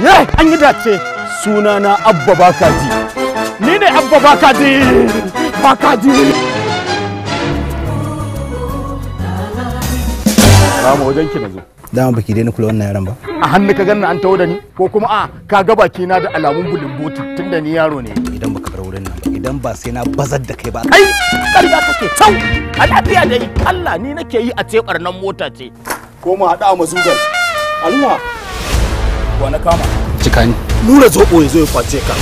Ye, an yi dace. Suna na Abba Bakaji. Ni ne Abba Bakaji. Bakaji. Rama wajen ki na zo. Dama baki daina kula wannan yaran ba. A hannu ka ganna an tawo da ni ko kuma a ka ga baki na da alamun bulumbutu tunda ni yaro ne. Idan baka bar wurin nan idan ba sai na bazar da kai ba. Ai, ƙarya kake tau. A lafiya dai Allah ni nake yi a teɓar nan mota ce. Ko mu haɗa mu Allah wa na kama cika ni nura zobo ya zo ya kwace ka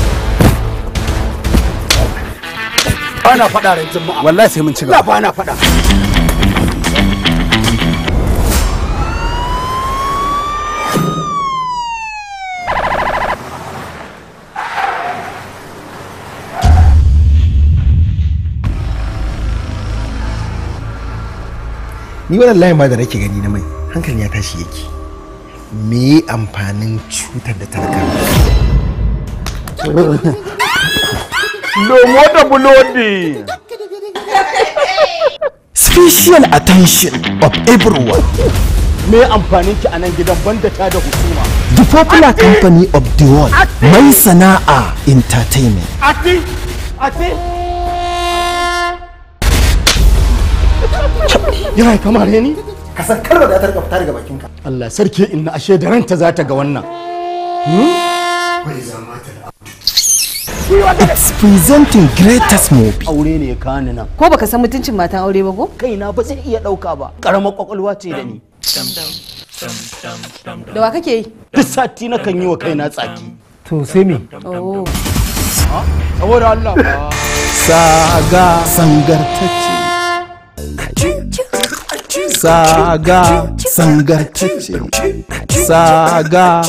ana faɗa ran jama'a wallahi sai mun ci gaba faɗa ni wannan layin ma da nake gani na mai hankali ya tashi yake me amfanin cutar da talaka Domo da bulodi. Special attention of everyone. Me amfanin ki a nan gidan banda ta da husuma. The popular company of the world, Mai Sana'a Entertainment. Ati, ati. Yana kamar ni? ka san kalmar da ta rika fita daga bakinka Allah sarki inna ashe da ranta za ta ga wannan hmm? It's presenting greatest movie. Aure ne kani nan. Ko baka san mutuncin matan aure ba ko? Kai na ba zai iya dauka ba. Karamar kwakwalwa ce da ni. Da wa kake yi? Duk sati na kan yi wa kaina tsaki. To sai me? Oh. Saboda Allah. Saga sangartacce. saga sangartacce saga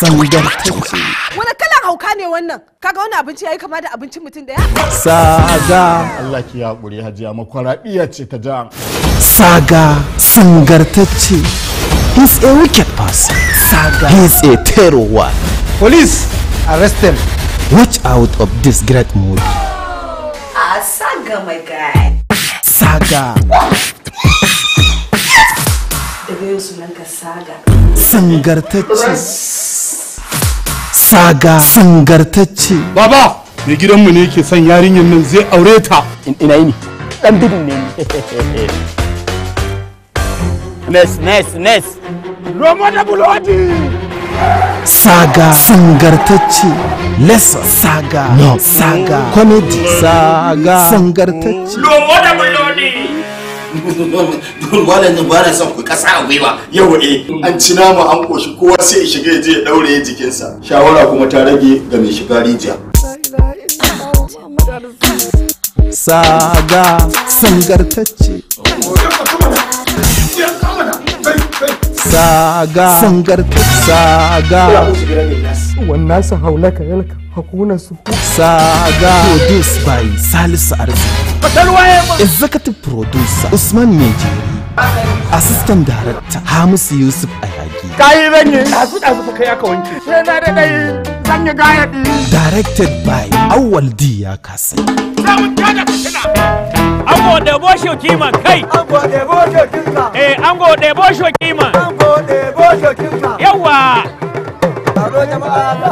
sangartacce wani kalan hauka ne wannan kaga wani abinci yayi kama da abincin mutum daya saga Allah ki ya hakuri hajiya makwarabiya ce ta ja saga sangartacce he's a wicked person saga he's a terror police arrest him watch out of this great mood. ah saga my guy saga tambayin sunan ka saga sangartacce saga sangartacce baba mai gidanmu ne yake son yarinyar nan zai aure ta ina yi ne dan bidin ne nes nes nes Roma da bulodi saga sangartacce les. saga no saga comedy saga sangartacce Roma da bulodi Duk nan ba na son ku kasa a gwiwa yau eh an ci nama an koshi kowa sai ya shiga ya je ya daure jikinsa shawara kuma ta rage ga mai shiga rijiya saga sangartacce saga sangartacce saga Wannan haula ka yalka hakuna su. Saga. produce by Salisu Arziki executive producer Usman Mejeri assistant director Hamisu Yusuf Ayagi kai ranye dazu da su kai aka wanke sai na da dai zan yi gayadi directed by Awal di ya kasa za fitina Ango da bosho kima kai. Ango da bosho kima. Eh, ango da bosho kima. Ango da